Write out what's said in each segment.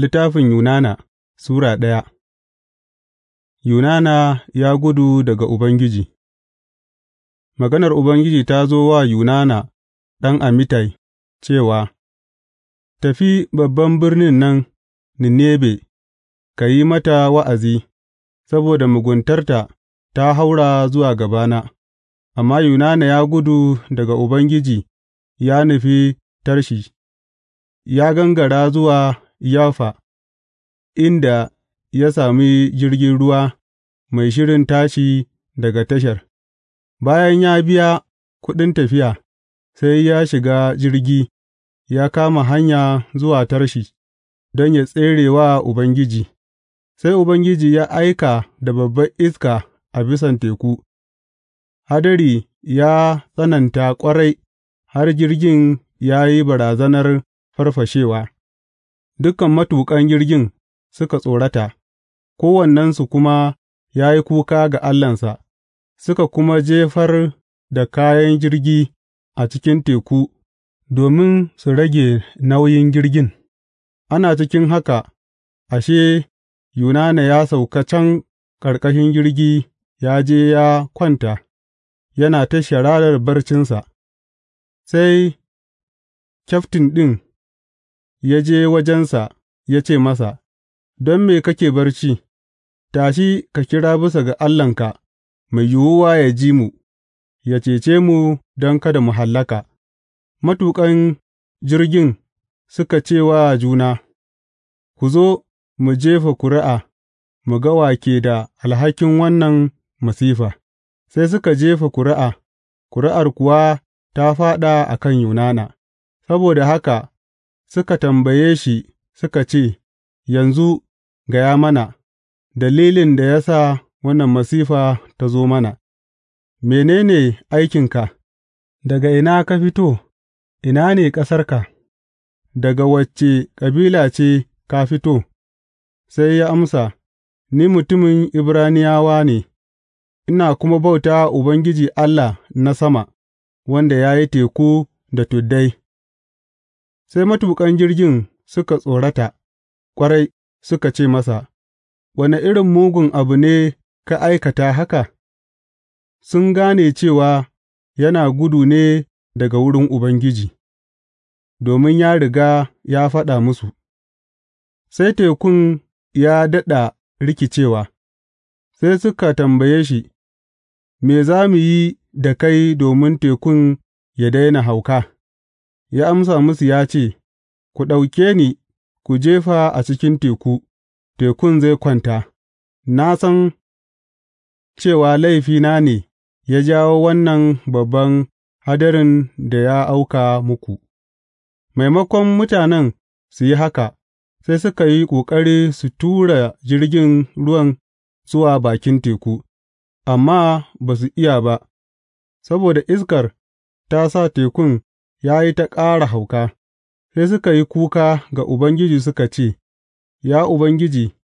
Littafin Yunana Sura ɗaya Yunana ya gudu daga Ubangiji Maganar Ubangiji ta zo wa Yunana ɗan Amitai cewa, Tafi babban birnin nan Ninebe, ka yi mata wa'azi, saboda muguntarta ta haura zuwa gabana, amma Yunana ya gudu daga Ubangiji ya nufi tarshi. ya gangara zuwa Yaffa, inda ya sami jirgin ruwa mai shirin tashi daga tashar, bayan ya biya kuɗin tafiya, sai ya shiga jirgi ya kama hanya zuwa tarshi don ya tsere wa Ubangiji, sai Ubangiji ya aika da babbar iska a bisan teku, hadari ya tsananta ƙwarai har jirgin ya yi barazanar farfashewa. dukan matuƙan jirgin suka tsorata, kowannensu kuma ya yi kuka ga Allahnsa, suka kuma jefar da kayan jirgi a cikin teku domin su rage nauyin jirgin. Ana cikin haka, ashe, Yunana ya sauka can ƙarƙashin jirgi ya je ya kwanta, yana ta shararar barcinsa, sai kyaftin ɗin ya je wajensa ya ce masa, Don me kake barci, tashi ka kira bisa ga Allahnka, mai yiwuwa ya ji mu, ya cece mu don kada mu hallaka. Matuƙan jirgin suka ce wa juna, Ku zo mu jefa ƙuri'a, mu ga wake da alhakin wannan masifa, sai suka jefa ƙuri'a, ƙuri'ar kuwa ta fāɗa a kan Yunana, saboda haka suka tambaye shi suka ce, Yanzu gaya mana, dalilin da ya sa wannan masifa ta zo mana, mene ne aikinka, daga ina ka fito, ina ne ƙasarka, daga wacce kabila ce ka fito, sai ya amsa, Ni mutumin Ibraniyawa ne, ina kuma bauta Ubangiji Allah na sama, wanda ya yi teku da tuddai. Sai matuƙan jirgin suka tsorata ƙwarai, suka ce masa, Wane irin mugun abu ne ka aikata haka? Sun gane cewa yana gudu ne daga wurin Ubangiji, domin ya riga ya faɗa musu, sai tekun ya daɗa rikicewa, sai suka tambaye shi, Me za mu yi da kai domin tekun ya daina hauka? Ya amsa musu ya ce, Ku ɗauke ni ku jefa a cikin teku, tekun zai kwanta, na san cewa laifina ne ya jawo wannan babban hadarin da ya auka muku, maimakon mutanen su yi haka, sai suka yi ƙoƙari su tura jirgin ruwan zuwa bakin teku, amma ba su iya ba, saboda iskar ta sa tekun ya yi ta ƙara hauka, sai suka yi kuka ga Ubangiji suka ce, Ya Ubangiji,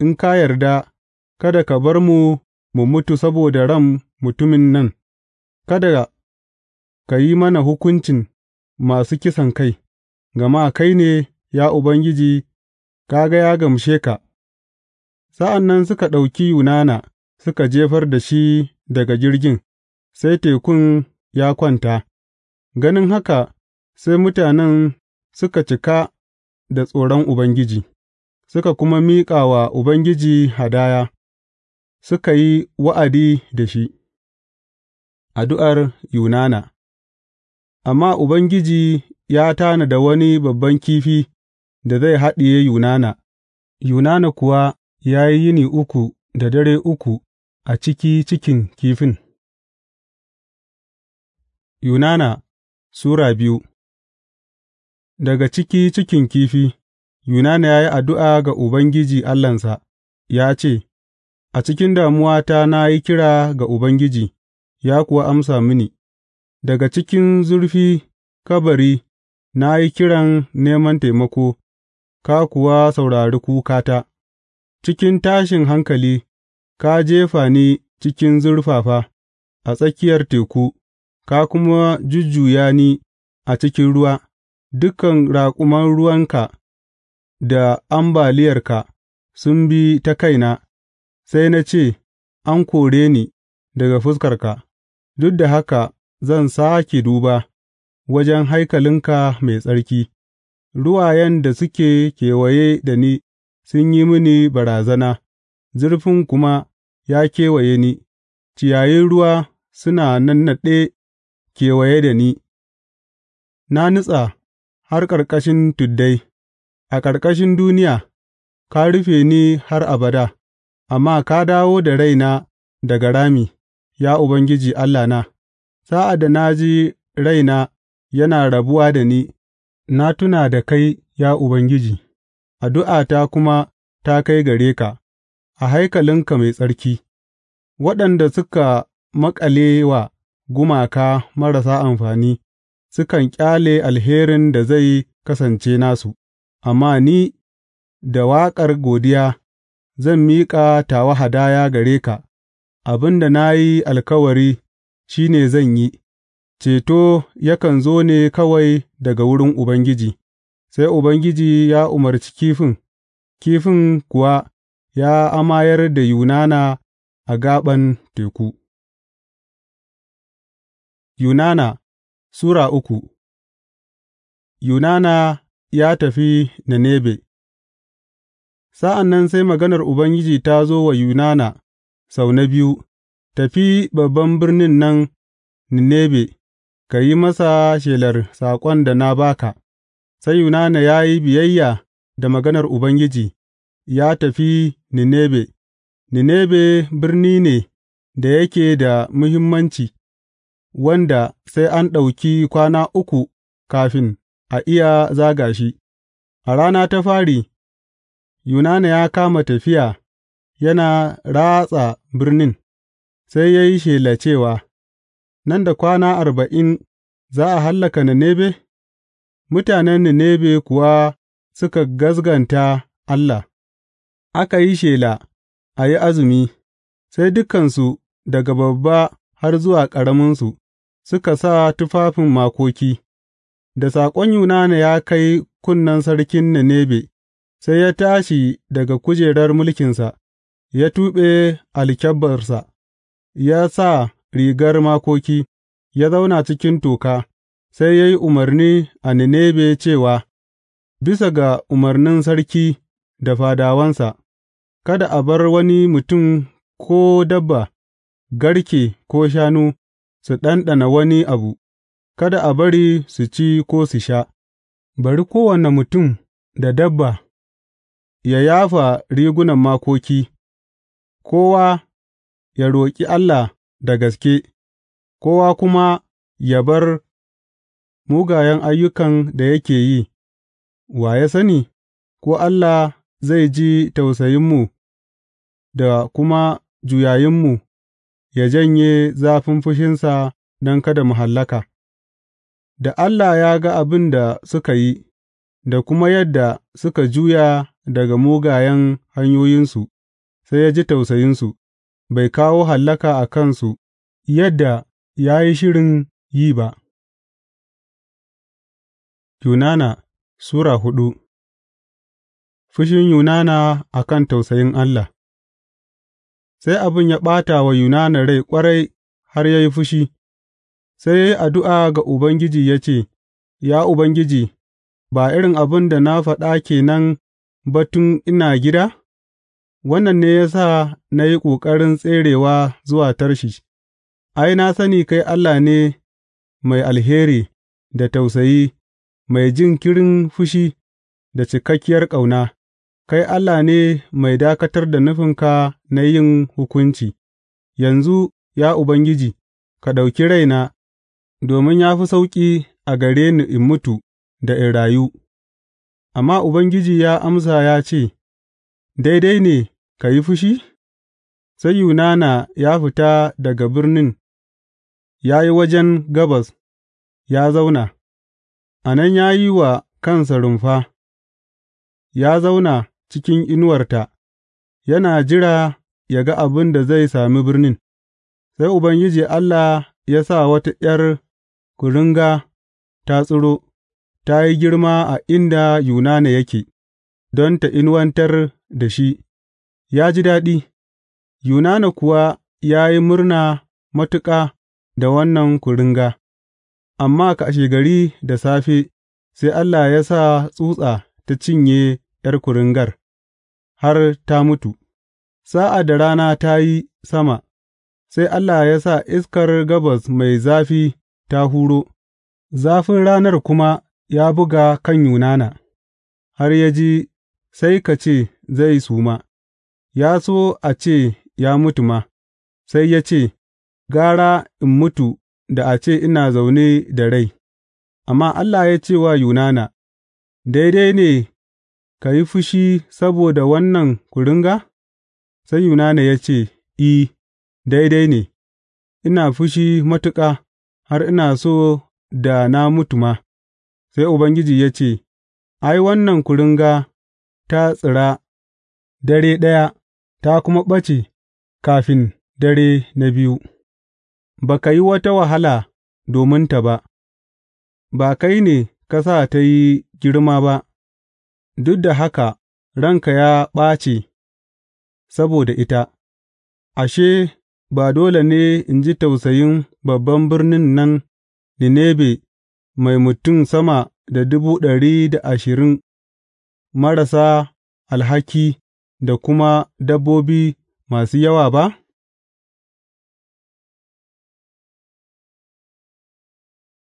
in ka yarda, kada ka bar mu mu mutu saboda ran mutumin nan, kada ka yi mana hukuncin masu kisan kai. gama kai ne, ya Ubangiji, ka ga ya gamshe ka. Sa'an nan suka ɗauki Yunana suka jefar da shi daga jirgin, sai tekun ya kwanta. Ganin haka, sai mutanen suka cika da tsoron Ubangiji, suka kuma miƙa wa Ubangiji hadaya, suka yi wa'adi da shi. Addu'ar Yunana Amma Ubangiji ya tana da wani babban kifi da zai haɗiye Yunana, Yunana kuwa ya yi yini uku da dare uku a ciki cikin kifin. Yunana Sura biyu Daga ciki cikin kifi, Yunana ya yi addu'a ga Ubangiji Allahnsa, ya ce, A cikin damuwata na yi kira ga Ubangiji, ya kuwa amsa mini; daga cikin zurfi kabari na yi kiran neman taimako, ka kuwa saurari kukata; cikin tashin hankali ka jefa ni cikin zurfafa, a tsakiyar teku. ka kuma jujjuya ni a cikin ruwa; dukan raƙuman ruwanka da ambaliyarka sun bi ta kaina, sai na ce, An kore ni daga fuskarka, duk da haka zan sāke duba wajen haikalinka mai tsarki; ruwayen da suke kewaye da ni sun yi mini barazana, zurfin kuma ya kewaye ni, ciyayin ruwa suna nannaɗe. kewaye da ni; na nutsa har ƙarƙashin tuddai, a ƙarƙashin duniya ka rufe ni har abada, amma ka dawo da raina daga rami, ya Ubangiji Allahna; sa'ad da na ji raina yana rabuwa da ni, na tuna da kai, ya Ubangiji, addu'ata kuma ta kai gare ka, a haikalinka mai tsarki, waɗanda suka maƙale wa. gumaka marasa amfani, sukan ƙyale alherin da zai kasance nasu, amma ni da waƙar godiya zan miƙa tawa hadaya gare ka, abin da na yi alkawari shi ne zan yi, ceto yakan zo ne kawai daga wurin Ubangiji, sai Ubangiji ya umarci kifin, kifin kuwa ya amayar da Yunana a gaɓan teku. Yunana Sura uku Yunana ya tafi Ninebe Sa'an nan sai maganar Ubangiji ta zo wa Yunana sau na biyu, Tafi babban birnin nan Ninebe, ka yi masa shelar saƙon da na ba ka, sai Yunana ya yi biyayya da maganar Ubangiji, ya tafi Ninebe, Ninebe birni ne da yake da muhimmanci. wanda sai an ɗauki kwana uku kafin a iya zaga shi, a rana ta fari, Yunana ya kama tafiya yana ratsa birnin, sai ya yi shela cewa, Nan da kwana arba'in za a hallaka Ninebe? Mutanen Ninebe kuwa suka gazganta Allah, aka yi shela a yi azumi, sai dukansu daga babba har zuwa ƙaraminsu. suka sa tufafin makoki, da saƙon Yunana ya kai kunnen sarkin Ninebe, sai ya tashi daga kujerar mulkinsa, ya tuɓe alkyabbarsa, ya sa rigar makoki, ya zauna cikin toka, sai ya yi umarni a Ninebe cewa, Bisa ga umarnin sarki da fadawansa, kada a bar wani mutum ko dabba, garke ko shanu. su ɗanɗana wani abu, kada a bari su ci ko su sha, bari kowane mutum da dabba Ya yafa rigunan makoki, kowa ya roƙi Allah da gaske, kowa kuma ya bar mugayen ayyukan da yake yi, wa ya sani, ko Allah zai ji tausayinmu da kuma juyayinmu ya janye zafin fushinsa don kada mu hallaka, da Allah ya ga abin da suka yi, da kuma yadda suka juya daga mugayen hanyoyinsu, sai ya ji tausayinsu, bai kawo hallaka a kansu yadda ya yi shirin yi ba. Yunana Sura hudu Fushin Yunana a kan tausayin Allah sai abin ya ɓata wa Yunana rai ƙwarai har ya yi fushi, sai ya yi addu'a ga Ubangiji ya ce, Ya Ubangiji, ba irin abin da na faɗa ke nan ba tun ina gida? Wannan ne ya sa na yi ƙoƙarin tserewa zuwa tarshi ai, na sani kai Allah ne mai alheri da tausayi, mai jin jinkirin fushi da cikakkiyar ƙauna. Kai Allah ne mai dakatar da nufinka na yin hukunci; yanzu, ya Ubangiji, ka ɗauki raina, domin ya fi sauƙi a gare ni in mutu da in rayu Amma Ubangiji ya amsa ya ce, Daidai ne ka yi fushi, sai Yunana ya fita daga birnin ya yi wajen gabas ya zauna; a nan ya yi wa kansa rumfa, ya zauna. cikin inuwarta, yana jira ya ga abin da zai sami birnin, sai Ubangiji Allah ya sa wata ’yar kuringa ta tsiro, ta yi girma a inda Yunana yake, don ta inuwantar da shi, ya ji daɗi, Yunana kuwa ya yi murna matuƙa da wannan kuringa, amma gari da safe sai Allah ya sa tsutsa ta cinye. ’yar kuringar, har ta mutu, sa'ad da rana ta yi sama, sai Allah ya sa iskar gabas mai zafi ta huro, zafin ranar kuma ya buga kan Yunana, har ya ji sai ka ce zai suma, ya so a ce ya mutu ma, sai ya ce, Gara in mutu da a ce ina zaune da rai, amma Allah ya ce wa Yunana, Daidai ne ka yi fushi saboda wannan kuringa? Sai Yunana ya ce, I, daidai ne, ina fushi matuƙa, har ina so da na mutu ma, sai Ubangiji ya ce, Ai, wannan kuringa ta tsira dare ɗaya, ta kuma ɓace kafin dare na biyu, ba ka yi wata wahala dominta ba, ba kai ne ka sa ta yi girma ba. duk da haka ranka ya ɓace saboda ita, ashe, ba dole ne in ji tausayin babban birnin nan Ninebe mai mutum sama da dubu ɗari da ashirin marasa alhaki da kuma dabbobi masu yawa ba?